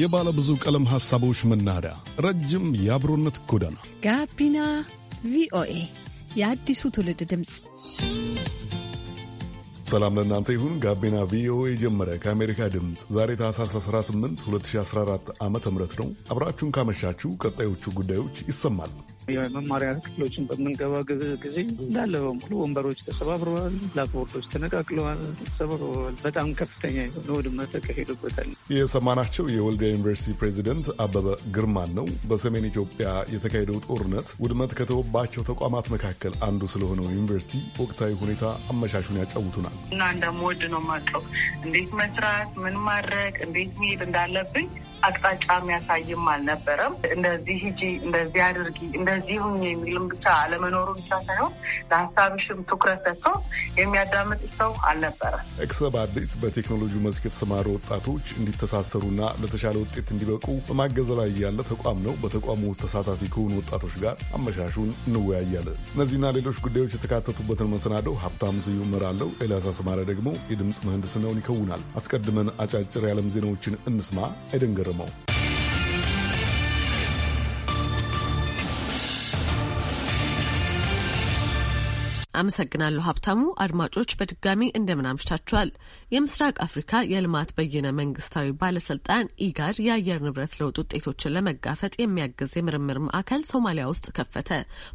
የባለ ብዙ ቀለም ሐሳቦች መናኸሪያ፣ ረጅም የአብሮነት ጎዳና ጋቢና ቪኦኤ የአዲሱ ትውልድ ድምፅ። ሰላም ለእናንተ ይሁን። ጋቢና ቪኦኤ ጀመረ። ከአሜሪካ ድምፅ ዛሬ ታህሳስ 18 2014 ዓ ም ነው። አብራችሁን ካመሻችሁ ቀጣዮቹ ጉዳዮች ይሰማሉ። የመማሪያ ክፍሎችን በምንገባ ጊዜ እንዳለ በሙሉ ወንበሮች ተሰባብረዋል፣ ብላክቦርዶች ተነቃቅለዋል፣ ተሰባብረዋል። በጣም ከፍተኛ የሆነ ውድመት ተካሂዶበታል። የሰማናቸው የወልዲያ ዩኒቨርሲቲ ፕሬዚደንት አበበ ግርማን ነው። በሰሜን ኢትዮጵያ የተካሄደው ጦርነት ውድመት ከተወባቸው ተቋማት መካከል አንዱ ስለሆነው ዩኒቨርሲቲ ወቅታዊ ሁኔታ አመሻሹን ያጫውቱናል። እና እንደምወድ ነው የማውቀው እንዴት መስራት ምን ማድረግ እንዴት መሄድ እንዳለብኝ አቅጣጫ የሚያሳይም አልነበረም። እንደዚህ ሂጂ፣ እንደዚህ አድርጊ፣ እንደዚህ ሁኝ የሚልም ብቻ አለመኖሩ ብቻ ሳይሆን ለሀሳብሽም ትኩረት ሰጥቶ የሚያዳምጥ ሰው አልነበረም። ኤክሰብ አዲስ በቴክኖሎጂ መስክ የተሰማሩ ወጣቶች እንዲተሳሰሩና ለተሻለ ውጤት እንዲበቁ በማገዝ ላይ ያለ ተቋም ነው። በተቋሙ ተሳታፊ ከሆኑ ወጣቶች ጋር አመሻሹን እንወያያለን። እነዚህና ሌሎች ጉዳዮች የተካተቱበትን መሰናደው ሀብታም ስዩም እመራለሁ። ኤልያስ አስማረ ደግሞ የድምፅ ምህንድስናውን ይከውናል። አስቀድመን አጫጭር የዓለም ዜናዎችን እንስማ አይደንገር More. አመሰግናለሁ ሀብታሙ። አድማጮች በድጋሚ እንደምን አምሽታችኋል። የምስራቅ አፍሪካ የልማት በይነ መንግስታዊ ባለስልጣን ኢጋድ የአየር ንብረት ለውጥ ውጤቶችን ለመጋፈጥ የሚያግዝ የምርምር ማዕከል ሶማሊያ ውስጥ ከፈተ።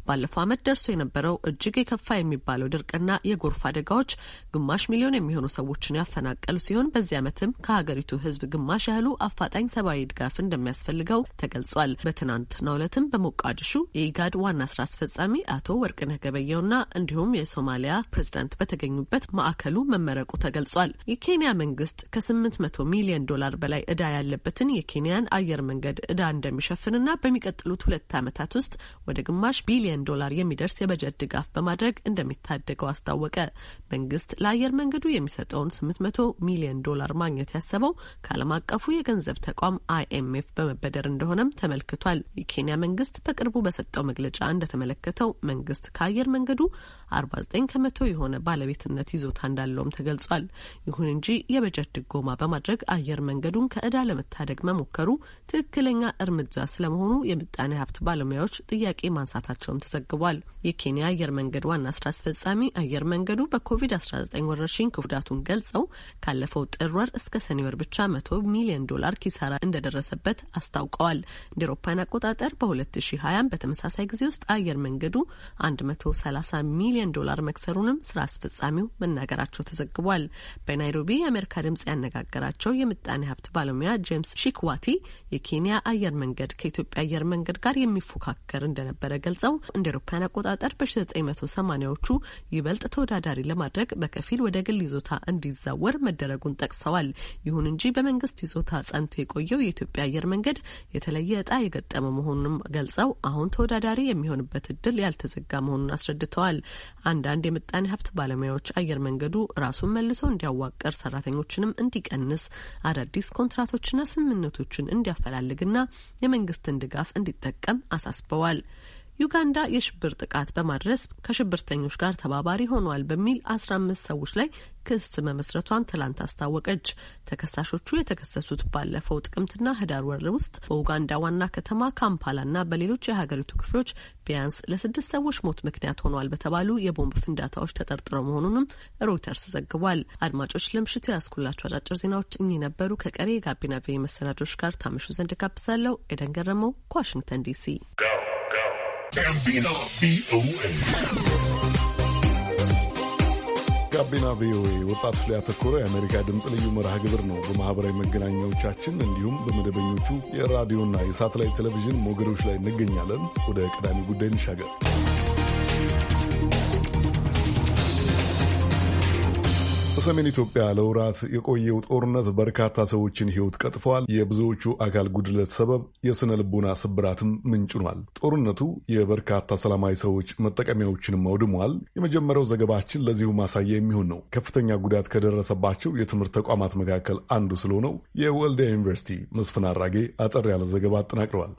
ባለፈው ዓመት ደርሶ የነበረው እጅግ የከፋ የሚባለው ድርቅና የጎርፍ አደጋዎች ግማሽ ሚሊዮን የሚሆኑ ሰዎችን ያፈናቀሉ ሲሆን በዚህ ዓመትም ከሀገሪቱ ህዝብ ግማሽ ያህሉ አፋጣኝ ሰብአዊ ድጋፍ እንደሚያስፈልገው ተገልጿል። በትናንትናው ዕለትም በሞቃዲሹ የኢጋድ ዋና ስራ አስፈጻሚ አቶ ወርቅነህ ገበየውና እንዲሁም እንዲሁም የሶማሊያ ፕሬዚዳንት በተገኙበት ማዕከሉ መመረቁ ተገልጿል። የኬንያ መንግስት ከ800 ሚሊዮን ዶላር በላይ እዳ ያለበትን የኬንያን አየር መንገድ እዳ እንደሚሸፍንና በሚቀጥሉት ሁለት ዓመታት ውስጥ ወደ ግማሽ ቢሊዮን ዶላር የሚደርስ የበጀት ድጋፍ በማድረግ እንደሚታደገው አስታወቀ። መንግስት ለአየር መንገዱ የሚሰጠውን 800 ሚሊዮን ዶላር ማግኘት ያሰበው ከዓለም አቀፉ የገንዘብ ተቋም አይኤምኤፍ በመበደር እንደሆነም ተመልክቷል። የኬንያ መንግስት በቅርቡ በሰጠው መግለጫ እንደተመለከተው መንግስት ከአየር መንገዱ 49 ከመቶ የሆነ ባለቤትነት ይዞታ እንዳለውም ተገልጿል። ይሁን እንጂ የበጀት ድጎማ በማድረግ አየር መንገዱን ከእዳ ለመታደግ መሞከሩ ትክክለኛ እርምጃ ስለመሆኑ የምጣኔ ሀብት ባለሙያዎች ጥያቄ ማንሳታቸውም ተዘግቧል። የኬንያ አየር መንገድ ዋና ስራ አስፈጻሚ አየር መንገዱ በኮቪድ-19 ወረርሽኝ ክፍዳቱን ገልጸው ካለፈው ጥር ወር እስከ ሰኔ ወር ብቻ መቶ ሚሊዮን ዶላር ኪሳራ እንደደረሰበት አስታውቀዋል። እንደ አውሮፓውያን አቆጣጠር በ2020 በተመሳሳይ ጊዜ ውስጥ አየር መንገዱ 130 ሚሊዮን ሚሊዮን ዶላር መክሰሩንም ስራ አስፈጻሚው መናገራቸው ተዘግቧል። በናይሮቢ የአሜሪካ ድምጽ ያነጋገራቸው የምጣኔ ሀብት ባለሙያ ጄምስ ሺክዋቲ የኬንያ አየር መንገድ ከኢትዮጵያ አየር መንገድ ጋር የሚፎካከር እንደነበረ ገልጸው እንደ ኤሮፓያን አቆጣጠር በ1980ዎቹ ይበልጥ ተወዳዳሪ ለማድረግ በከፊል ወደ ግል ይዞታ እንዲዛወር መደረጉን ጠቅሰዋል። ይሁን እንጂ በመንግስት ይዞታ ጸንቶ የቆየው የኢትዮጵያ አየር መንገድ የተለየ እጣ የገጠመ መሆኑንም ገልጸው አሁን ተወዳዳሪ የሚሆንበት እድል ያልተዘጋ መሆኑን አስረድተዋል። አንዳንድ የምጣኔ ሀብት ባለሙያዎች አየር መንገዱ ራሱን መልሶ እንዲያዋቅር፣ ሰራተኞችንም እንዲቀንስ፣ አዳዲስ ኮንትራቶችና ስምምነቶችን እንዲያፈላልግና የመንግስትን ድጋፍ እንዲጠቀም አሳስበዋል። ዩጋንዳ የሽብር ጥቃት በማድረስ ከሽብርተኞች ጋር ተባባሪ ሆኗል በሚል አስራ አምስት ሰዎች ላይ ክስ መመስረቷን ትላንት አስታወቀች። ተከሳሾቹ የተከሰሱት ባለፈው ጥቅምትና ህዳር ወር ውስጥ በኡጋንዳ ዋና ከተማ ካምፓላና በሌሎች የሀገሪቱ ክፍሎች ቢያንስ ለስድስት ሰዎች ሞት ምክንያት ሆኗል በተባሉ የቦምብ ፍንዳታዎች ተጠርጥረው መሆኑንም ሮይተርስ ዘግቧል። አድማጮች ለምሽቱ ያስኩላቸው አጫጭር ዜናዎች እኚህ ነበሩ። ከቀሬ የጋቢና ቪ መሰናዶች ጋር ታመሹ ዘንድ ጋብዛለሁ። ኤደን ገረመው ከዋሽንግተን ዲሲ ጋቢና ቪኦኤ ጋቢና ቪኦኤ ወጣቶች ላይ ያተኮረ የአሜሪካ ድምፅ ልዩ መርሃ ግብር ነው። በማህበራዊ መገናኛዎቻችን እንዲሁም በመደበኞቹ የራዲዮና የሳተላይት ቴሌቪዥን ሞገዶች ላይ እንገኛለን። ወደ ቀዳሚ ጉዳይ እንሻገር። በሰሜን ኢትዮጵያ ለውራት የቆየው ጦርነት በርካታ ሰዎችን ሕይወት ቀጥፈዋል። የብዙዎቹ አካል ጉድለት ሰበብ የሥነ ልቦና ስብራትም ምንጭ ሆኗል። ጦርነቱ የበርካታ ሰላማዊ ሰዎች መጠቀሚያዎችንም አውድሟል። የመጀመሪያው ዘገባችን ለዚሁ ማሳያ የሚሆን ነው። ከፍተኛ ጉዳት ከደረሰባቸው የትምህርት ተቋማት መካከል አንዱ ስለሆነው የወልዲያ ዩኒቨርሲቲ መስፍን አራጌ አጠር ያለ ዘገባ አጠናቅረዋል።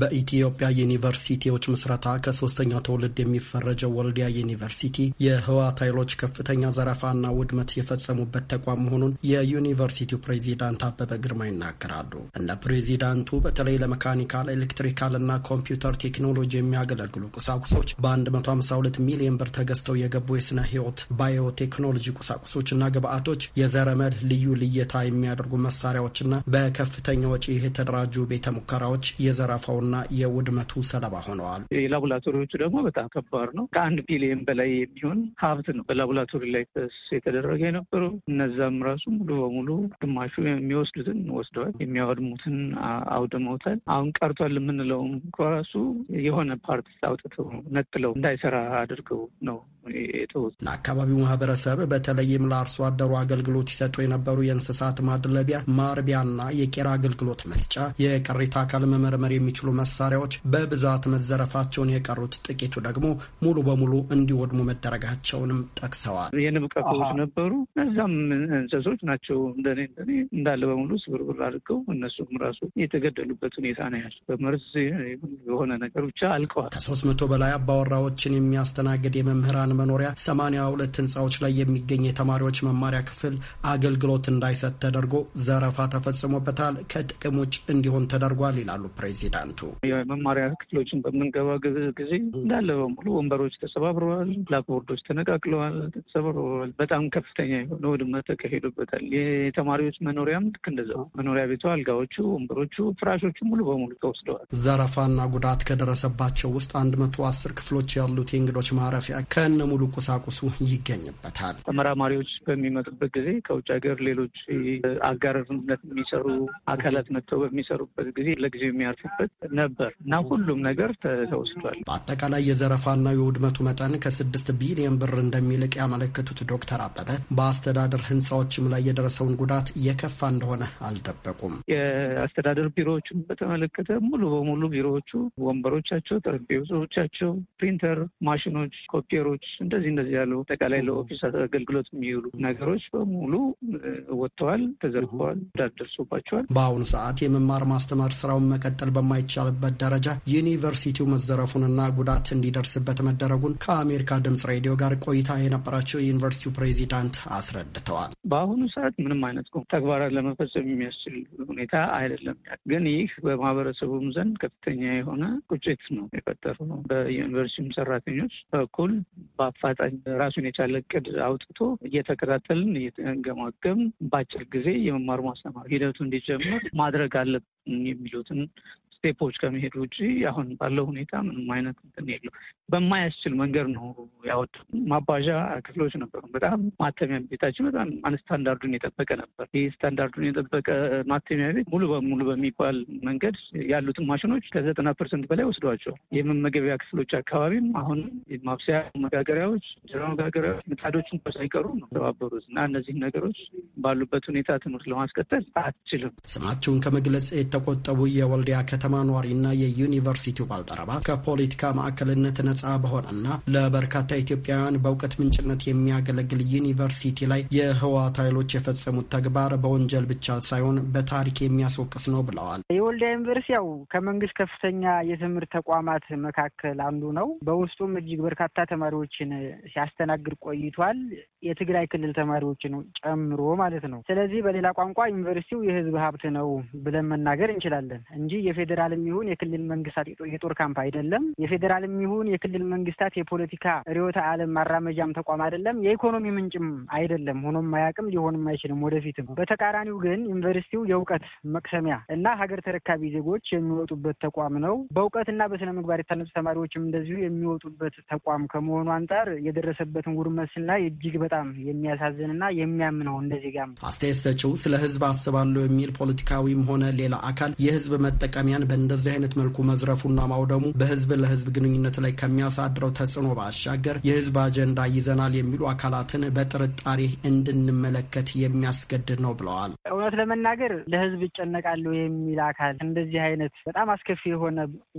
በኢትዮጵያ ዩኒቨርሲቲዎች ምስረታ ከሶስተኛ ትውልድ የሚፈረጀው ወልዲያ ዩኒቨርሲቲ የህወሓት ኃይሎች ከፍተኛ ዘረፋና ውድመት የፈጸሙበት ተቋም መሆኑን የዩኒቨርሲቲው ፕሬዚዳንት አበበ ግርማ ይናገራሉ። እነ ፕሬዚዳንቱ በተለይ ለመካኒካል፣ ኤሌክትሪካል ኮምፒውተር ቴክኖሎጂ የሚያገለግሉ ቁሳቁሶች በ152 ሚሊዮን ብር ተገዝተው የገቡ የስነ ህይወት ባዮቴክኖሎጂ ቁሳቁሶችና ግብአቶች፣ የዘረመል ልዩ ልየታ የሚያደርጉ መሳሪያዎችና በከፍተኛ ወጪ የተደራጁ ቤተ ሙከራዎች የዘረፋው የተሰራውና የውድመቱ ሰለባ ሆነዋል። የላቦራቶሪዎቹ ደግሞ በጣም ከባድ ነው። ከአንድ ቢሊየን በላይ የሚሆን ሀብት ነው በላቦራቶሪ ላይ የተደረገ የነበረው። እነዛም ራሱ ሙሉ በሙሉ ግማሹ የሚወስዱትን ወስደዋል፣ የሚያወድሙትን አውድመውታል። አሁን ቀርቷል የምንለውም ከራሱ የሆነ ፓርቲ አውጥተው ነጥለው እንዳይሰራ አድርገው ነው ለአካባቢው ማህበረሰብ በተለይም ለአርሶ አደሩ አገልግሎት ይሰጡ የነበሩ የእንስሳት ማድለቢያ ማርቢያና የቄራ አገልግሎት መስጫ የቅሪታ አካል መመርመር የሚችሉ የሚመስሉ መሳሪያዎች በብዛት መዘረፋቸውን፣ የቀሩት ጥቂቱ ደግሞ ሙሉ በሙሉ እንዲወድሙ መደረጋቸውንም ጠቅሰዋል። የንብ ቀፎዎች ነበሩ። እነዛም እንሰሶች ናቸው እንደኔ እንደኔ እንዳለ በሙሉ ስብርብር አድርገው እነሱም ራሱ የተገደሉበት ሁኔታ ነው ያለ። በመርዝ የሆነ ነገር ብቻ አልቀዋል። ከሶስት መቶ በላይ አባወራዎችን የሚያስተናግድ የመምህራን መኖሪያ ሰማንያ ሁለት ህንፃዎች ላይ የሚገኝ የተማሪዎች መማሪያ ክፍል አገልግሎት እንዳይሰጥ ተደርጎ ዘረፋ ተፈጽሞበታል፣ ከጥቅም ውጭ እንዲሆን ተደርጓል ይላሉ ፕሬዚዳንት። ተጎድቶ የመማሪያ ክፍሎችን በምንገባ ጊዜ እንዳለ በሙሉ ወንበሮች ተሰባብረዋል፣ ብላክቦርዶች ተነቃቅለዋል፣ ተሰባብረዋል። በጣም ከፍተኛ የሆነ ውድመት ተካሂዶበታል። የተማሪዎች መኖሪያም ልክ እንደዛው መኖሪያ ቤቷ አልጋዎቹ፣ ወንበሮቹ፣ ፍራሾቹ ሙሉ በሙሉ ተወስደዋል። ዘረፋና ጉዳት ከደረሰባቸው ውስጥ አንድ መቶ አስር ክፍሎች ያሉት የእንግዶች ማረፊያ ከነ ሙሉ ቁሳቁሱ ይገኝበታል። ተመራማሪዎች በሚመጡበት ጊዜ ከውጭ ሀገር ሌሎች አጋርነት የሚሰሩ አካላት መጥተው በሚሰሩበት ጊዜ ለጊዜው የሚያርፉበት ነበር እና ሁሉም ነገር ተወስዷል። በአጠቃላይ የዘረፋና የውድመቱ መጠን ከስድስት ቢሊዮን ብር እንደሚልቅ ያመለከቱት ዶክተር አበበ በአስተዳደር ህንፃዎችም ላይ የደረሰውን ጉዳት የከፋ እንደሆነ አልደበቁም። የአስተዳደር ቢሮዎችን በተመለከተ ሙሉ በሙሉ ቢሮዎቹ ወንበሮቻቸው፣ ጠረጴዛዎቻቸው፣ ፕሪንተር ማሽኖች፣ ኮፒየሮች እንደዚህ እንደዚህ ያሉ አጠቃላይ ለኦፊስ አገልግሎት የሚውሉ ነገሮች በሙሉ ወጥተዋል፣ ተዘርፈዋል፣ ጉዳት ደርሶባቸዋል። በአሁኑ ሰዓት የመማር ማስተማር ስራውን መቀጠል በማይቻል በማይቻልበት ደረጃ ዩኒቨርሲቲው መዘረፉንና ጉዳት እንዲደርስበት መደረጉን ከአሜሪካ ድምጽ ሬዲዮ ጋር ቆይታ የነበራቸው የዩኒቨርሲቲው ፕሬዚዳንት አስረድተዋል። በአሁኑ ሰዓት ምንም አይነት ተግባራት ለመፈጸም የሚያስችል ሁኔታ አይደለም። ግን ይህ በማህበረሰቡም ዘንድ ከፍተኛ የሆነ ቁጭት ነው የፈጠሩ ነው። በዩኒቨርሲቲውም ሰራተኞች በኩል በአፋጣኝ ራሱን የቻለ እቅድ አውጥቶ እየተከታተልን እየተገማገም በአጭር ጊዜ የመማር ማስተማር ሂደቱ እንዲጀምር ማድረግ አለብን የሚሉትን ስቴፖች ከመሄድ ውጭ አሁን ባለው ሁኔታ ምንም አይነት እንትን የለው። በማያስችል መንገድ ነው ያወጡ። ማባዣ ክፍሎች ነበሩ። በጣም ማተሚያ ቤታችን በጣም ስታንዳርዱን የጠበቀ ነበር። ይህ ስታንዳርዱን የጠበቀ ማተሚያ ቤት ሙሉ በሙሉ በሚባል መንገድ ያሉትን ማሽኖች ከዘጠና ፐርሰንት በላይ ወስዷቸዋል። የመመገቢያ ክፍሎች አካባቢም አሁን ማብሰያ መጋገሪያዎች፣ እንጀራ መጋገሪያዎች፣ ምጣዶችን ሳይቀሩ ነው ተባበሩት እና እነዚህን ነገሮች ባሉበት ሁኔታ ትምህርት ለማስቀጠል አትችልም። ስማቸውን ከመግለጽ የተቆጠቡ የወልዲያ ከተማ ከተማ ኗሪና የዩኒቨርሲቲው ባልጠረባ ከፖለቲካ ማዕከልነት ነጻ በሆነና ለበርካታ ኢትዮጵያውያን በእውቀት ምንጭነት የሚያገለግል ዩኒቨርሲቲ ላይ የህወሓት ኃይሎች የፈጸሙት ተግባር በወንጀል ብቻ ሳይሆን በታሪክ የሚያስወቅስ ነው ብለዋል። የወልዲያ ዩኒቨርሲቲ ያው ከመንግስት ከፍተኛ የትምህርት ተቋማት መካከል አንዱ ነው። በውስጡም እጅግ በርካታ ተማሪዎችን ሲያስተናግድ ቆይቷል። የትግራይ ክልል ተማሪዎችን ጨምሮ ማለት ነው። ስለዚህ በሌላ ቋንቋ ዩኒቨርሲቲው የህዝብ ሀብት ነው ብለን መናገር እንችላለን እንጂ የፌደ የፌዴራልም ይሁን የክልል መንግስታት የጦር ካምፕ አይደለም። የፌዴራልም ይሁን የክልል መንግስታት የፖለቲካ ርዕዮተ ዓለም ማራመጃም ተቋም አይደለም። የኢኮኖሚ ምንጭም አይደለም። ሆኖም አያውቅም፣ ሊሆንም አይችልም ወደፊትም። በተቃራኒው ግን ዩኒቨርሲቲው የእውቀት መቅሰሚያ እና ሀገር ተረካቢ ዜጎች የሚወጡበት ተቋም ነው። በእውቀትና በስነ ምግባር የታነጹ ተማሪዎችም እንደዚሁ የሚወጡበት ተቋም ከመሆኑ አንጻር የደረሰበትን ውድመት ስናይ እጅግ በጣም የሚያሳዝንና የሚያም ነው። እንደዚህ ጋር አስተያየት ሰጪው ስለ ህዝብ አስባለሁ የሚል ፖለቲካዊም ሆነ ሌላ አካል የህዝብ መጠቀሚያን በእንደዚህ አይነት መልኩ መዝረፉና ማውደሙ በህዝብ ለህዝብ ግንኙነት ላይ ከሚያሳድረው ተጽዕኖ ባሻገር የህዝብ አጀንዳ ይዘናል የሚሉ አካላትን በጥርጣሬ እንድንመለከት የሚያስገድድ ነው ብለዋል። እውነት ለመናገር ለህዝብ ይጨነቃለሁ የሚል አካል እንደዚህ አይነት በጣም አስከፊ የሆነ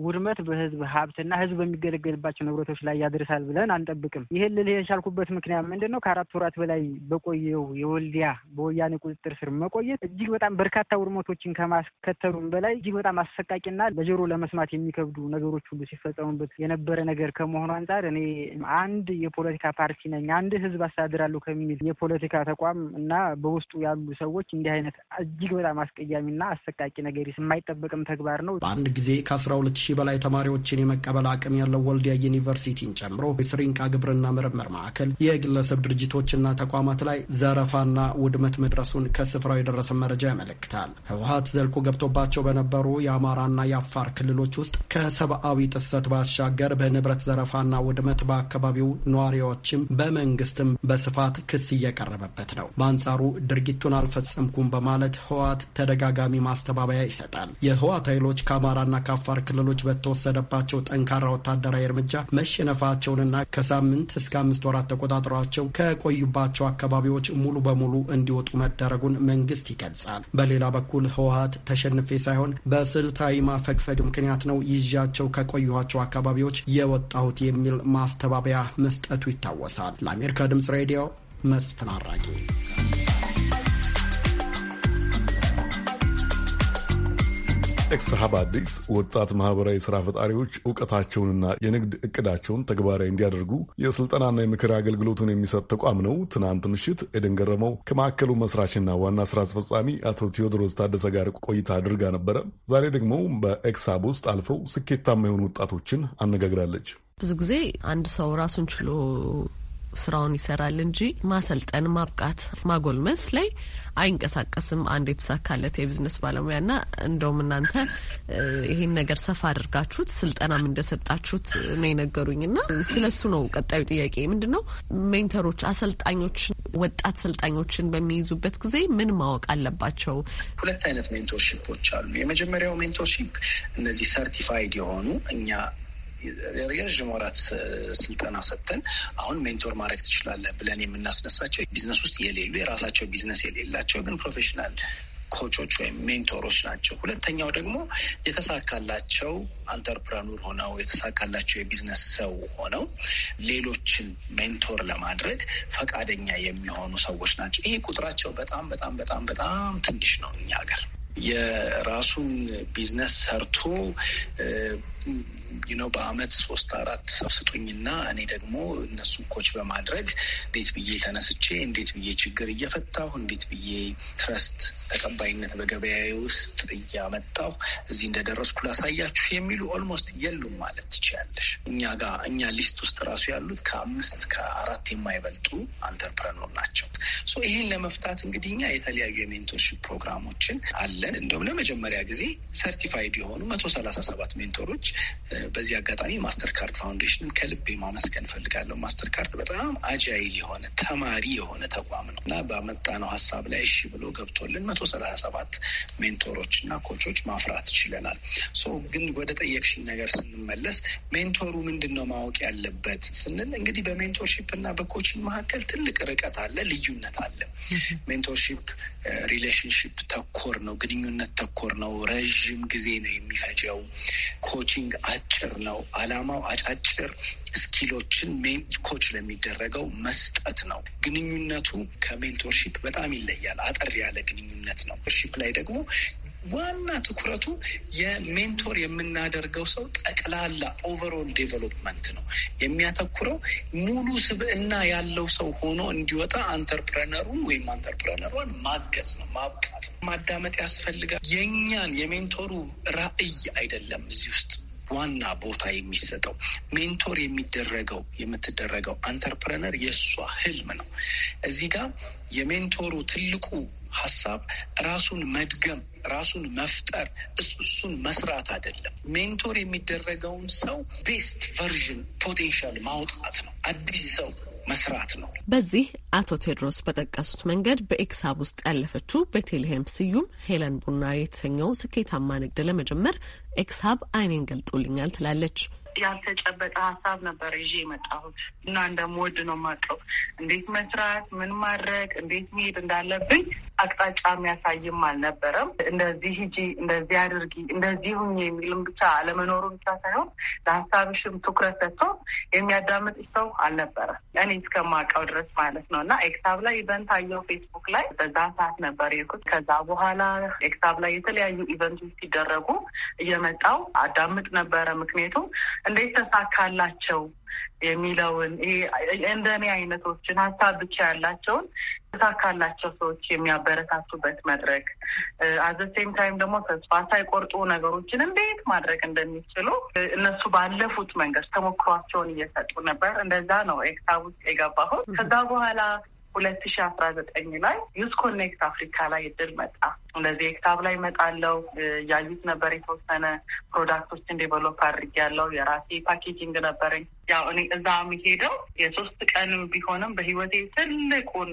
ውድመት በህዝብ ሀብትና ህዝብ በሚገለገልባቸው ንብረቶች ላይ ያደርሳል ብለን አንጠብቅም። ይህን ልልህ የቻልኩበት ምክንያት ምንድን ነው? ከአራት ወራት በላይ በቆየው የወልዲያ በወያኔ ቁጥጥር ስር መቆየት እጅግ በጣም በርካታ ውድመቶችን ከማስከተሉም በላይ እጅግ በጣም አሰቃ አስደናቂና ለጆሮ ለመስማት የሚከብዱ ነገሮች ሁሉ ሲፈጸሙበት የነበረ ነገር ከመሆኑ አንጻር እኔ አንድ የፖለቲካ ፓርቲ ነኝ፣ አንድ ህዝብ አስተዳድራለሁ ከሚል የፖለቲካ ተቋም እና በውስጡ ያሉ ሰዎች እንዲህ አይነት እጅግ በጣም አስቀያሚና አሰቃቂ ነገር የማይጠበቅም ተግባር ነው። በአንድ ጊዜ ከአስራ ሁለት ሺህ በላይ ተማሪዎችን የመቀበል አቅም ያለው ወልዲያ ዩኒቨርሲቲን ጨምሮ የስሪንቃ ግብርና ምርምር ማዕከል የግለሰብ ድርጅቶችና ተቋማት ላይ ዘረፋና ውድመት መድረሱን ከስፍራው የደረሰ መረጃ ያመለክታል። ህወሀት ዘልቆ ገብቶባቸው በነበሩ የአማራ የኦሮሚያና የአፋር ክልሎች ውስጥ ከሰብአዊ ጥሰት ባሻገር በንብረት ዘረፋና ውድመት በአካባቢው ነዋሪዎችም በመንግስትም በስፋት ክስ እየቀረበበት ነው። በአንጻሩ ድርጊቱን አልፈጸምኩም በማለት ህወሓት ተደጋጋሚ ማስተባበያ ይሰጣል። የህወሓት ኃይሎች ከአማራና ከአፋር ክልሎች በተወሰደባቸው ጠንካራ ወታደራዊ እርምጃ መሸነፋቸውንና ከሳምንት እስከ አምስት ወራት ተቆጣጥሯቸው ከቆዩባቸው አካባቢዎች ሙሉ በሙሉ እንዲወጡ መደረጉን መንግስት ይገልጻል። በሌላ በኩል ህወሓት ተሸንፌ ሳይሆን በስልታዊ ማፈግፈግ ምክንያት ነው ይዣቸው ከቆየኋቸው አካባቢዎች የወጣሁት የሚል ማስተባበያ መስጠቱ ይታወሳል። ለአሜሪካ ድምጽ ሬዲዮ መስፍን አራጌ ኤክስ ሀብ አዲስ ወጣት ማህበራዊ ስራ ፈጣሪዎች እውቀታቸውንና የንግድ እቅዳቸውን ተግባራዊ እንዲያደርጉ የስልጠናና የምክር አገልግሎቱን የሚሰጥ ተቋም ነው። ትናንት ምሽት ኤደን ገረመው ከማዕከሉ መስራችና ዋና ስራ አስፈጻሚ አቶ ቴዎድሮስ ታደሰ ጋር ቆይታ አድርጋ ነበረ። ዛሬ ደግሞ በኤክስ ሀብ ውስጥ አልፈው ስኬታማ የሆኑ ወጣቶችን አነጋግራለች። ብዙ ጊዜ አንድ ሰው ራሱን ችሎ ስራውን ይሰራል እንጂ ማሰልጠን፣ ማብቃት፣ ማጎልመስ ላይ አይንቀሳቀስም። አንድ የተሳካለት የቢዝነስ ባለሙያ ና እንደውም እናንተ ይህን ነገር ሰፋ አድርጋችሁት ስልጠናም እንደሰጣችሁት ነው የነገሩኝ ና ስለ እሱ ነው ቀጣዩ ጥያቄ ምንድን ነው። ሜንተሮች፣ አሰልጣኞች ወጣት ሰልጣኞችን በሚይዙበት ጊዜ ምን ማወቅ አለባቸው? ሁለት አይነት ሜንቶርሽፖች አሉ። የመጀመሪያው ሜንቶርሽፕ እነዚህ ሰርቲፋይድ የሆኑ እኛ የረዥም ወራት ስልጠና ሰጥተን አሁን ሜንቶር ማድረግ ትችላለህ ብለን የምናስነሳቸው ቢዝነስ ውስጥ የሌሉ የራሳቸው ቢዝነስ የሌላቸው ግን ፕሮፌሽናል ኮቾች ወይም ሜንቶሮች ናቸው። ሁለተኛው ደግሞ የተሳካላቸው አንተርፕረኑር ሆነው የተሳካላቸው የቢዝነስ ሰው ሆነው ሌሎችን ሜንቶር ለማድረግ ፈቃደኛ የሚሆኑ ሰዎች ናቸው። ይህ ቁጥራቸው በጣም በጣም በጣም በጣም ትንሽ ነው። እኛ ሀገር የራሱን ቢዝነስ ሰርቶ ነው በአመት ሶስት አራት ሰብስጡኝና እኔ ደግሞ እነሱ ኮች በማድረግ እንዴት ብዬ ተነስቼ እንዴት ብዬ ችግር እየፈታሁ እንዴት ብዬ ትረስት ተቀባይነት በገበያ ውስጥ እያመጣሁ እዚህ እንደደረስኩ ላሳያችሁ የሚሉ ኦልሞስት የሉም ማለት ትችላለሽ። እኛ ጋ እኛ ሊስት ውስጥ ራሱ ያሉት ከአምስት ከአራት የማይበልጡ አንተርፕረኖር ናቸው። ይህን ለመፍታት እንግዲህ እኛ የተለያዩ የሜንቶርሽፕ ፕሮግራሞችን አለን። እንደውም ለመጀመሪያ ጊዜ ሰርቲፋይድ የሆኑ መቶ ሰላሳ ሰባት ሜንቶሮች በዚህ አጋጣሚ ማስተር ካርድ ፋውንዴሽንን ከልቤ ማመስገን እፈልጋለሁ። ማስተር ካርድ በጣም አጃይል የሆነ ተማሪ የሆነ ተቋም ነው እና በመጣነው ሀሳብ ላይ እሺ ብሎ ገብቶልን መቶ ሰላሳ ሰባት ሜንቶሮች እና ኮቾች ማፍራት ችለናል። ግን ወደ ጠየቅሽኝ ነገር ስንመለስ ሜንቶሩ ምንድን ነው ማወቅ ያለበት ስንል እንግዲህ በሜንቶርሺፕ እና በኮችን መካከል ትልቅ ርቀት አለ፣ ልዩነት አለ። ሜንቶርሺፕ ሪሌሽንሽፕ ተኮር ነው፣ ግንኙነት ተኮር ነው፣ ረዥም ጊዜ ነው የሚፈጀው ኮች ኮችንግ አጭር ነው። አላማው አጫጭር ስኪሎችን ኮች ለሚደረገው መስጠት ነው። ግንኙነቱ ከሜንቶርሺፕ በጣም ይለያል። አጠር ያለ ግንኙነት ነው። ሺፕ ላይ ደግሞ ዋና ትኩረቱ የሜንቶር የምናደርገው ሰው ጠቅላላ ኦቨርኦል ዴቨሎፕመንት ነው የሚያተኩረው። ሙሉ ስብዕና ያለው ሰው ሆኖ እንዲወጣ አንተርፕረነሩን ወይም አንተርፕረነሯን ማገዝ ነው፣ ማብቃት ነው። ማዳመጥ ያስፈልጋል። የእኛን የሜንቶሩ ራዕይ አይደለም እዚህ ውስጥ ዋና ቦታ የሚሰጠው ሜንቶር የሚደረገው የምትደረገው አንተርፕረነር የእሷ ህልም ነው። እዚህ ጋር የሜንቶሩ ትልቁ ሀሳብ ራሱን መድገም፣ ራሱን መፍጠር፣ እሱን መስራት አይደለም። ሜንቶር የሚደረገውን ሰው ቤስት ቨርዥን ፖቴንሻል ማውጣት ነው። አዲስ ሰው መስራት ነው። በዚህ አቶ ቴድሮስ በጠቀሱት መንገድ በኤክሳብ ውስጥ ያለፈችው ቤቴልሄም ስዩም ሄለን ቡና የተሰኘው ስኬታማ ንግድ ለመጀመር ኤክሳብ አይኔን ገልጦልኛል ትላለች። ያልተጨበጠ ሀሳብ ነበር ይዤ የመጣሁት እና እንደምወድ ነው የማውቀው። እንዴት መስራት፣ ምን ማድረግ፣ እንዴት መሄድ እንዳለብኝ አቅጣጫ የሚያሳይም አልነበረም። እንደዚህ ሂጂ፣ እንደዚህ አድርጊ፣ እንደዚህ ሁኚ የሚልም ብቻ አለመኖሩ ብቻ ሳይሆን ለሀሳብሽም ትኩረት ሰጥቶ የሚያዳምጥ ሰው አልነበረም እኔ እስከማውቀው ድረስ ማለት ነው። እና ኤክሳብ ላይ ኢቨንት አየው ፌስቡክ ላይ በዛ ሰዓት ነበር የሄድኩት። ከዛ በኋላ ኤክሳብ ላይ የተለያዩ ኢቨንቶች ሲደረጉ እየመጣው አዳምጥ ነበረ ምክንያቱም እንዴት ተሳካላቸው የሚለውን እንደ እኔ አይነቶችን ሀሳብ ብቻ ያላቸውን ተሳካላቸው ሰዎች የሚያበረታቱበት መድረክ፣ አዘሴም ታይም ደግሞ ተስፋ ሳይቆርጡ ነገሮችን እንዴት ማድረግ እንደሚችሉ እነሱ ባለፉት መንገድ ተሞክሯቸውን እየሰጡ ነበር። እንደዛ ነው ኤክሳ ውስጥ የገባሁት። ከዛ በኋላ ሁለት ሺ አስራ ዘጠኝ ላይ ዩስ ኮኔክት አፍሪካ ላይ እድል መጣ። እንደዚህ የክታብ ላይ መጣለው ያዩት ነበር። የተወሰነ ፕሮዳክቶችን ዴቨሎፕ አድርጌያለሁ። የራሴ ፓኬጂንግ ነበረኝ። ያው እኔ እዛ የሚሄደው የሶስት ቀን ቢሆንም በህይወቴ ትልቁን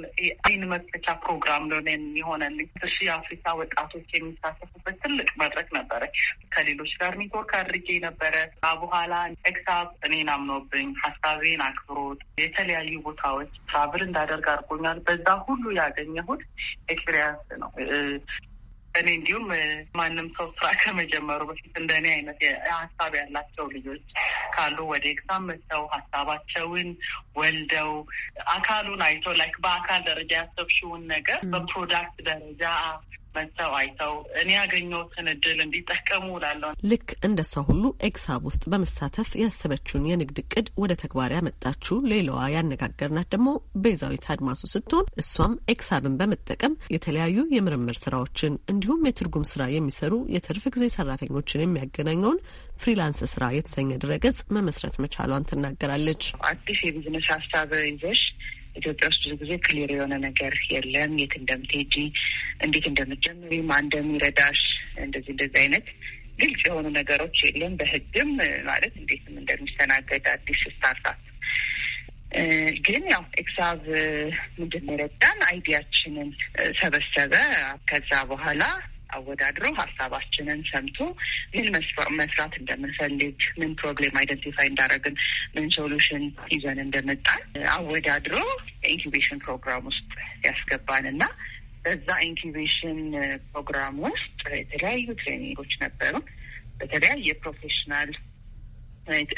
አይን መክፈቻ ፕሮግራም ለሆነ የሆነልኝ እሺ የአፍሪካ ወጣቶች የሚሳተፉበት ትልቅ መድረክ ነበረ። ከሌሎች ጋር ኔትወርክ አድርጌ ነበረ። በኋላ ኤክሳብ እኔን አምኖብኝ ሀሳቤን አክብሮት የተለያዩ ቦታዎች ትራቭል እንዳደርግ አድርጎኛል። በዛ ሁሉ ያገኘሁት ኤክስፔሪንስ ነው። እኔ እንዲሁም ማንም ሰው ስራ ከመጀመሩ በፊት እንደኔ አይነት ሀሳብ ያላቸው ልጆች ካሉ ወደ ኤግዛም መጥተው ሀሳባቸውን ወልደው አካሉን አይቶ ላይክ በአካል ደረጃ ያሰብሽውን ነገር በፕሮዳክት ደረጃ መጥተው አይተው እኔ ያገኘሁትን እድል እንዲጠቀሙ ላለው ልክ እንደ ሰው ሁሉ ኤግሳብ ውስጥ በመሳተፍ ያሰበችውን የንግድ እቅድ ወደ ተግባር ያመጣችው ሌላዋ ያነጋገርናት ደግሞ ቤዛዊት አድማሱ ስትሆን እሷም ኤግሳብን በመጠቀም የተለያዩ የምርምር ስራዎችን እንዲሁም የትርጉም ስራ የሚሰሩ የትርፍ ጊዜ ሰራተኞችን የሚያገናኘውን ፍሪላንስ ስራ የተሰኘ ድረገጽ መመስረት መቻሏን ትናገራለች። አዲስ የቢዝነስ ሀሳብ ይዘሽ ኢትዮጵያ ውስጥ ብዙ ጊዜ ክሊር የሆነ ነገር የለም። የት እንደምትሄጂ፣ እንዴት እንደምትጀምሪ፣ ማን እንደሚረዳሽ፣ እንደዚህ እንደዚህ አይነት ግልጽ የሆኑ ነገሮች የለም። በህግም ማለት እንዴትም እንደሚስተናገድ አዲስ ስታርታፕ ግን ያው ኤክሳብ ምንድን ነው የረዳን አይዲያችንን ሰበሰበ። ከዛ በኋላ አወዳድሮ ሀሳባችንን ሰምቶ ምን መስራት እንደምንፈልግ ምን ፕሮብሌም አይደንቲፋይ እንዳደረግን ምን ሶሉሽን ይዘን እንደመጣን አወዳድሮ ኢንኩቤሽን ፕሮግራም ውስጥ ያስገባን እና በዛ ኢንኩቤሽን ፕሮግራም ውስጥ የተለያዩ ትሬኒንጎች ነበሩ። በተለያየ ፕሮፌሽናል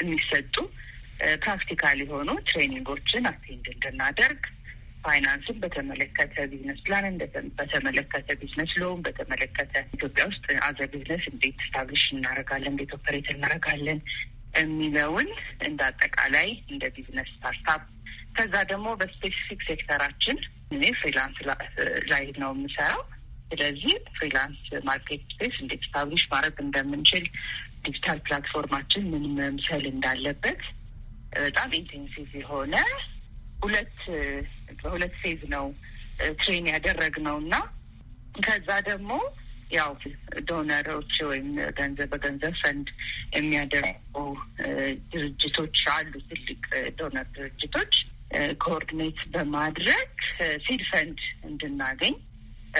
የሚሰጡ ፕራክቲካል የሆኑ ትሬኒንጎችን አቴንድ እንድናደርግ ፋይናንስን በተመለከተ ቢዝነስ ፕላንን በተመለከተ ቢዝነስ ሎን በተመለከተ ኢትዮጵያ ውስጥ አዘ ቢዝነስ እንዴት ስታብሊሽ እናደርጋለን፣ እንዴት ኦፐሬት እናደርጋለን የሚለውን እንደ አጠቃላይ እንደ ቢዝነስ ስታርታፕ ከዛ ደግሞ በስፔሲፊክ ሴክተራችን እኔ ፍሪላንስ ላይ ነው የምሰራው። ስለዚህ ፍሪላንስ ማርኬት ስፔስ እንዴት ስታብሊሽ ማድረግ እንደምንችል፣ ዲጂታል ፕላትፎርማችን ምን መምሰል እንዳለበት በጣም ኢንቴንሲቭ የሆነ ሁለት በሁለት ፌዝ ነው ትሬን ነው እና ከዛ ደግሞ ያው ዶነሮች ወይም ገንዘብ በገንዘብ ፈንድ የሚያደርጉ ድርጅቶች አሉ። ትልቅ ዶነር ድርጅቶች ኮኦርዲኔት በማድረግ ሲድ ፈንድ እንድናገኝ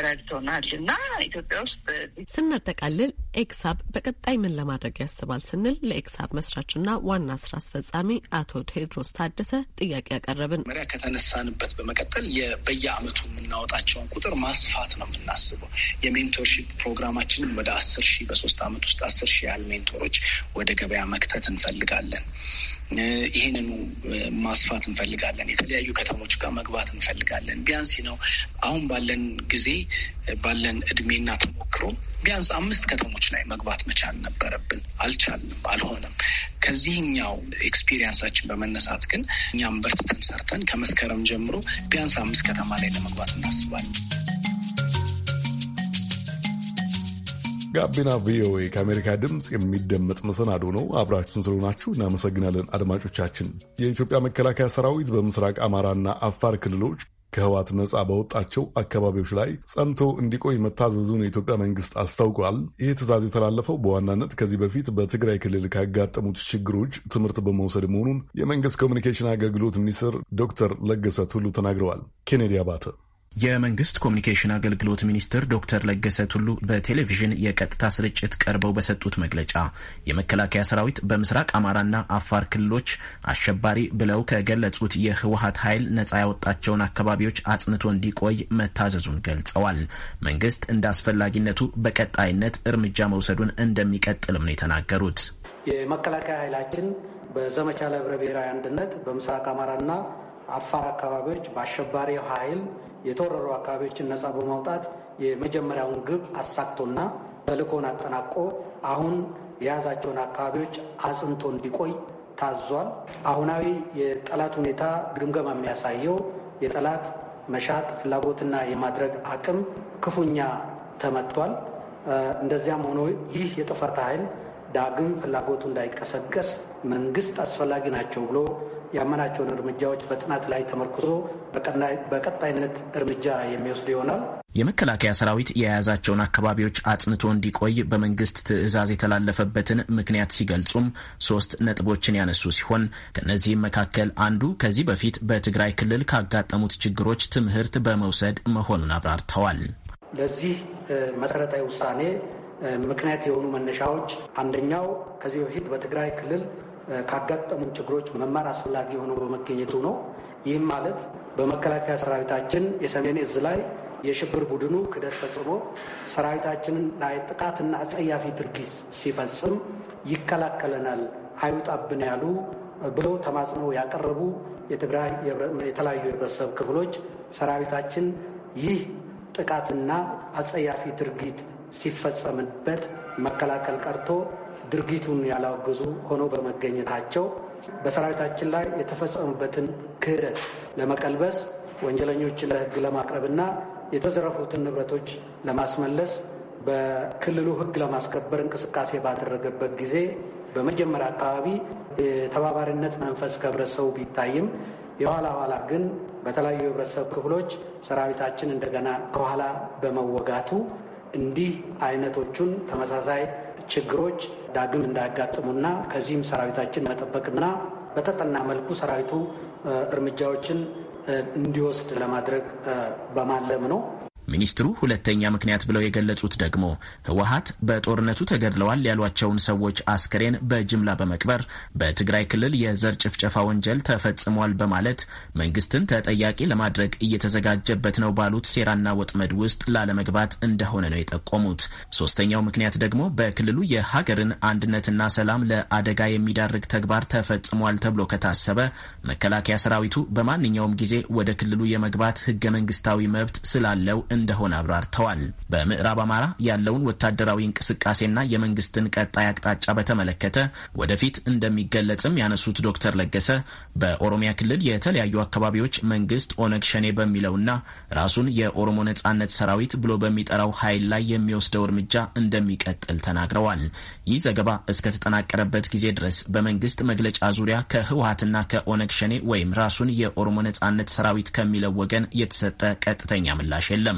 ረድቶናል እና ኢትዮጵያ ውስጥ ስናጠቃልል ኤክሳብ በቀጣይ ምን ለማድረግ ያስባል ስንል ለኤክሳብ መስራችና ዋና ስራ አስፈጻሚ አቶ ቴድሮስ ታደሰ ጥያቄ ያቀረብን መሪያ ከተነሳንበት በመቀጠል በየአመቱ የምናወጣቸውን ቁጥር ማስፋት ነው የምናስበው። የሜንቶርሺፕ ፕሮግራማችንም ወደ አስር ሺህ በሶስት አመት ውስጥ አስር ሺህ ያህል ሜንቶሮች ወደ ገበያ መክተት እንፈልጋለን። ይህንኑ ማስፋት እንፈልጋለን። የተለያዩ ከተሞች ጋር መግባት እንፈልጋለን። ቢያንስ ነው አሁን ባለን ጊዜ ባለን እድሜና ተሞክሮ ቢያንስ አምስት ከተሞች ላይ መግባት መቻል ነበረብን። አልቻልንም፣ አልሆነም። ከዚህኛው ኤክስፒሪየንሳችን በመነሳት ግን እኛም በርትተን ሰርተን ከመስከረም ጀምሮ ቢያንስ አምስት ከተማ ላይ ለመግባት እናስባለን። ጋቢና ቪኦኤ ከአሜሪካ ድምፅ የሚደመጥ መሰናዶ ነው። አብራችሁን ስለሆናችሁ እናመሰግናለን አድማጮቻችን። የኢትዮጵያ መከላከያ ሰራዊት በምስራቅ አማራና አፋር ክልሎች ከህዋት ነጻ በወጣቸው አካባቢዎች ላይ ጸንቶ እንዲቆይ መታዘዙን የኢትዮጵያ መንግስት አስታውቋል። ይህ ትዕዛዝ የተላለፈው በዋናነት ከዚህ በፊት በትግራይ ክልል ካጋጠሙት ችግሮች ትምህርት በመውሰድ መሆኑን የመንግስት ኮሚኒኬሽን አገልግሎት ሚኒስትር ዶክተር ለገሰ ቱሉ ተናግረዋል። ኬኔዲ አባተ የመንግስት ኮሚኒኬሽን አገልግሎት ሚኒስትር ዶክተር ለገሰ ቱሉ በቴሌቪዥን የቀጥታ ስርጭት ቀርበው በሰጡት መግለጫ የመከላከያ ሰራዊት በምስራቅ አማራና አፋር ክልሎች አሸባሪ ብለው ከገለጹት የህወሀት ኃይል ነጻ ያወጣቸውን አካባቢዎች አጽንቶ እንዲቆይ መታዘዙን ገልጸዋል። መንግስት እንደ አስፈላጊነቱ በቀጣይነት እርምጃ መውሰዱን እንደሚቀጥልም ነው የተናገሩት። የመከላከያ ኃይላችን በዘመቻ ለህብረ ብሔራዊ አንድነት በምስራቅ አማራና አፋር አካባቢዎች በአሸባሪ ኃይል የተወረሩ አካባቢዎችን ነጻ በማውጣት የመጀመሪያውን ግብ አሳክቶና ተልእኮን አጠናቆ አሁን የያዛቸውን አካባቢዎች አጽንቶ እንዲቆይ ታዟል። አሁናዊ የጠላት ሁኔታ ግምገማ የሚያሳየው የጠላት መሻት ፍላጎትና የማድረግ አቅም ክፉኛ ተመቷል። እንደዚያም ሆኖ ይህ የጥፈት ኃይል ዳግም ፍላጎቱ እንዳይቀሰቀስ መንግስት አስፈላጊ ናቸው ብሎ ያመናቸውን እርምጃዎች በጥናት ላይ ተመርኩዞ በቀጣይነት እርምጃ የሚወስድ ይሆናል። የመከላከያ ሰራዊት የያዛቸውን አካባቢዎች አጽንቶ እንዲቆይ በመንግስት ትዕዛዝ የተላለፈበትን ምክንያት ሲገልጹም ሶስት ነጥቦችን ያነሱ ሲሆን ከእነዚህም መካከል አንዱ ከዚህ በፊት በትግራይ ክልል ካጋጠሙት ችግሮች ትምህርት በመውሰድ መሆኑን አብራርተዋል። ለዚህ መሰረታዊ ውሳኔ ምክንያት የሆኑ መነሻዎች አንደኛው ከዚህ በፊት በትግራይ ክልል ካጋጠሙን ችግሮች መማር አስፈላጊ ሆኖ በመገኘቱ ነው። ይህም ማለት በመከላከያ ሰራዊታችን የሰሜን እዝ ላይ የሽብር ቡድኑ ክደት ፈጽሞ ሰራዊታችንን ላይ ጥቃትና አጸያፊ ድርጊት ሲፈጽም ይከላከለናል፣ አይውጣብን ያሉ ብሎ ተማጽኖ ያቀረቡ የትግራይ የተለያዩ የህብረተሰብ ክፍሎች ሰራዊታችን ይህ ጥቃትና አጸያፊ ድርጊት ሲፈጸምበት መከላከል ቀርቶ ድርጊቱን ያላወገዙ ሆነው በመገኘታቸው በሰራዊታችን ላይ የተፈጸሙበትን ክህደት ለመቀልበስ ወንጀለኞችን ለሕግ ለማቅረብና የተዘረፉትን ንብረቶች ለማስመለስ በክልሉ ሕግ ለማስከበር እንቅስቃሴ ባደረገበት ጊዜ በመጀመሪያ አካባቢ የተባባሪነት መንፈስ ከህብረተሰቡ ቢታይም የኋላ ኋላ ግን በተለያዩ የህብረተሰብ ክፍሎች ሰራዊታችን እንደገና ከኋላ በመወጋቱ እንዲህ አይነቶቹን ተመሳሳይ ችግሮች ዳግም እንዳያጋጥሙና ከዚህም ሰራዊታችን መጠበቅና በተጠና መልኩ ሰራዊቱ እርምጃዎችን እንዲወስድ ለማድረግ በማለም ነው። ሚኒስትሩ ሁለተኛ ምክንያት ብለው የገለጹት ደግሞ ህወሀት በጦርነቱ ተገድለዋል ያሏቸውን ሰዎች አስክሬን በጅምላ በመቅበር በትግራይ ክልል የዘር ጭፍጨፋ ወንጀል ተፈጽሟል በማለት መንግስትን ተጠያቂ ለማድረግ እየተዘጋጀበት ነው ባሉት ሴራና ወጥመድ ውስጥ ላለመግባት እንደሆነ ነው የጠቆሙት። ሶስተኛው ምክንያት ደግሞ በክልሉ የሀገርን አንድነትና ሰላም ለአደጋ የሚዳርግ ተግባር ተፈጽሟል ተብሎ ከታሰበ መከላከያ ሰራዊቱ በማንኛውም ጊዜ ወደ ክልሉ የመግባት ህገ መንግስታዊ መብት ስላለው እንደሆነ አብራርተዋል። በምዕራብ አማራ ያለውን ወታደራዊ እንቅስቃሴና የመንግስትን ቀጣይ አቅጣጫ በተመለከተ ወደፊት እንደሚገለጽም ያነሱት ዶክተር ለገሰ በኦሮሚያ ክልል የተለያዩ አካባቢዎች መንግስት ኦነግ ሸኔ በሚለውና ራሱን የኦሮሞ ነጻነት ሰራዊት ብሎ በሚጠራው ኃይል ላይ የሚወስደው እርምጃ እንደሚቀጥል ተናግረዋል። ይህ ዘገባ እስከተጠናቀረበት ጊዜ ድረስ በመንግስት መግለጫ ዙሪያ ከህወሀትና ከኦነግ ሸኔ ወይም ራሱን የኦሮሞ ነጻነት ሰራዊት ከሚለው ወገን የተሰጠ ቀጥተኛ ምላሽ የለም።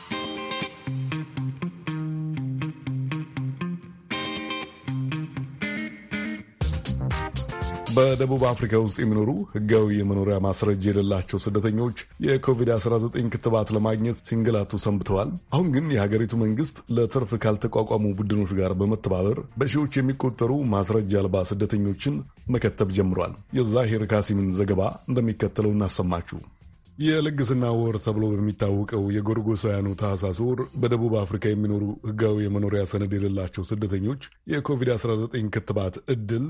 በደቡብ አፍሪካ ውስጥ የሚኖሩ ህጋዊ የመኖሪያ ማስረጃ የሌላቸው ስደተኞች የኮቪድ-19 ክትባት ለማግኘት ሲንገላቱ ሰንብተዋል። አሁን ግን የሀገሪቱ መንግስት ለትርፍ ካልተቋቋሙ ቡድኖች ጋር በመተባበር በሺዎች የሚቆጠሩ ማስረጃ አልባ ስደተኞችን መከተብ ጀምሯል። የዛሄር ካሲምን ዘገባ እንደሚከተለው እናሰማችሁ። የልግስና ወር ተብሎ በሚታወቀው የጎርጎሳውያኑ ታህሳስ ወር በደቡብ አፍሪካ የሚኖሩ ህጋዊ የመኖሪያ ሰነድ የሌላቸው ስደተኞች የኮቪድ-19 ክትባት ዕድል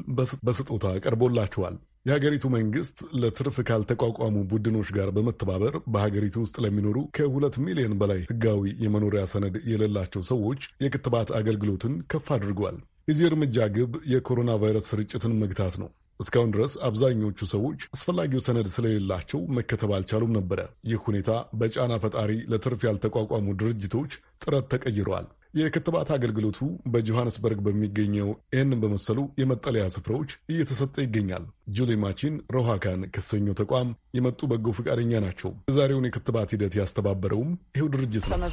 በስጦታ ቀርቦላቸዋል። የሀገሪቱ መንግስት ለትርፍ ካልተቋቋሙ ቡድኖች ጋር በመተባበር በሀገሪቱ ውስጥ ለሚኖሩ ከሁለት ሚሊዮን በላይ ህጋዊ የመኖሪያ ሰነድ የሌላቸው ሰዎች የክትባት አገልግሎትን ከፍ አድርጓል። የዚህ እርምጃ ግብ የኮሮና ቫይረስ ስርጭትን መግታት ነው። እስካሁን ድረስ አብዛኞቹ ሰዎች አስፈላጊው ሰነድ ስለሌላቸው መከተብ አልቻሉም ነበረ። ይህ ሁኔታ በጫና ፈጣሪ ለትርፍ ያልተቋቋሙ ድርጅቶች ጥረት ተቀይረዋል። የክትባት አገልግሎቱ በጆሐንስበርግ በሚገኘው ይህንን በመሰሉ የመጠለያ ስፍራዎች እየተሰጠ ይገኛል። ጁሊ ማቺን ሮሃካን ከተሰኘው ተቋም የመጡ በጎ ፈቃደኛ ናቸው። የዛሬውን የክትባት ሂደት ያስተባበረውም ይኸው ድርጅት ነው።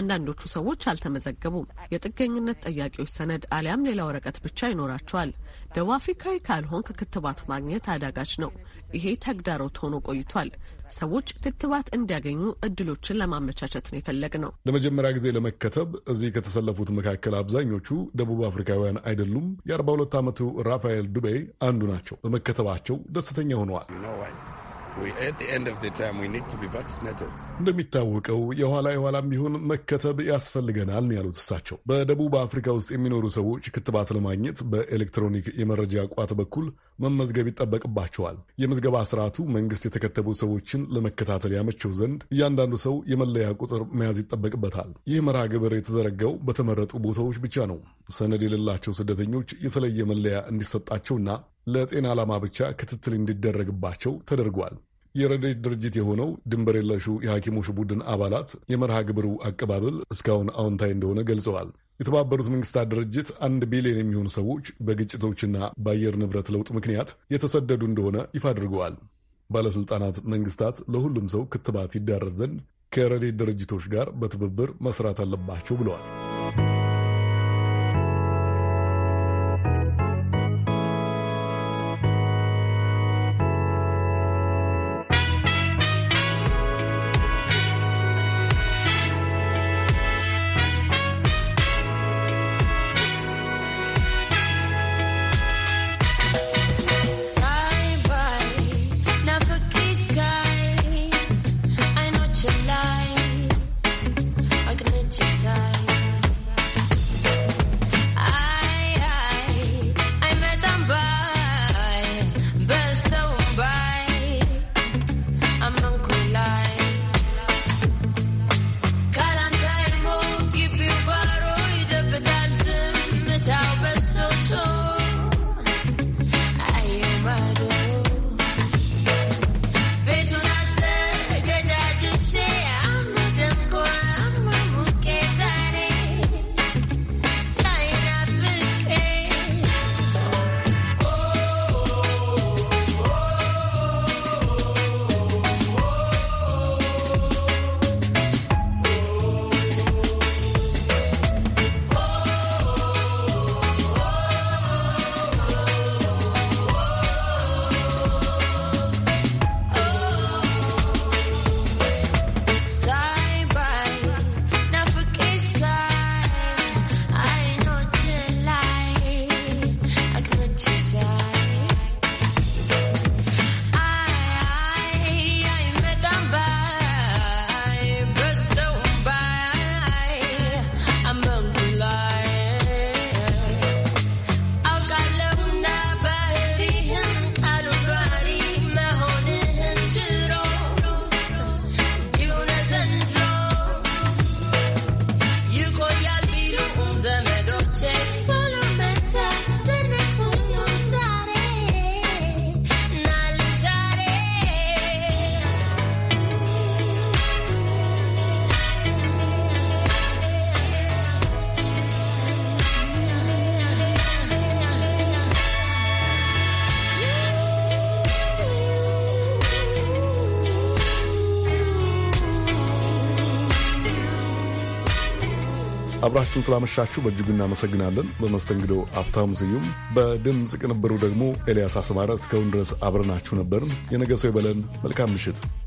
አንዳንዶቹ ሰዎች አልተመዘገቡም። የጥገኝነት ጠያቂዎች ሰነድ አሊያም ሌላ ወረቀት ብቻ ይኖራቸዋል። ደቡብ አፍሪካዊ ካልሆንክ ክትባት ማግኘት አዳጋች ነው። ይሄ ተግዳሮት ሆኖ ቆይቷል። ሰዎች ክትባት እንዲያገኙ እድሎችን ለማመቻቸት ነው የፈለግ ነው። ለመጀመሪያ ጊዜ ለመከተብ እዚህ ከተሰለፉት መካከል አብዛኞቹ ደቡብ አፍሪካውያን አይደሉም። የ42 ዓመቱ ራፋኤል ዱቤ አንዱ ናቸው። በመከተባቸው ደስተኛ ሆነዋል። እንደሚታወቀው የኋላ የኋላም ቢሆን መከተብ ያስፈልገናል ያሉት እሳቸው በደቡብ አፍሪካ ውስጥ የሚኖሩ ሰዎች ክትባት ለማግኘት በኤሌክትሮኒክ የመረጃ ቋት በኩል መመዝገብ ይጠበቅባቸዋል። የምዝገባ ስርዓቱ መንግስት የተከተቡ ሰዎችን ለመከታተል ያመቸው ዘንድ እያንዳንዱ ሰው የመለያ ቁጥር መያዝ ይጠበቅበታል። ይህ መርሃ ግብር የተዘረጋው በተመረጡ ቦታዎች ብቻ ነው። ሰነድ የሌላቸው ስደተኞች የተለየ መለያ እንዲሰጣቸውና ለጤና ዓላማ ብቻ ክትትል እንዲደረግባቸው ተደርጓል። የረዴት ድርጅት የሆነው ድንበር የለሹ የሐኪሞች ቡድን አባላት የመርሃ ግብሩ አቀባበል እስካሁን አዎንታዊ እንደሆነ ገልጸዋል። የተባበሩት መንግስታት ድርጅት አንድ ቢሊዮን የሚሆኑ ሰዎች በግጭቶችና በአየር ንብረት ለውጥ ምክንያት የተሰደዱ እንደሆነ ይፋ አድርገዋል። ባለሥልጣናት መንግስታት ለሁሉም ሰው ክትባት ይዳረስ ዘንድ ከረዴት ድርጅቶች ጋር በትብብር መስራት አለባቸው ብለዋል። አብራችሁን ስላመሻችሁ በእጅጉ እናመሰግናለን። በመስተንግዶ አብታም ስዩም፣ በድምፅ ቅንብሩ ደግሞ ኤልያስ አስማረ። እስካሁን ድረስ አብረናችሁ ነበርን። የነገ ሰው ይበለን። መልካም ምሽት።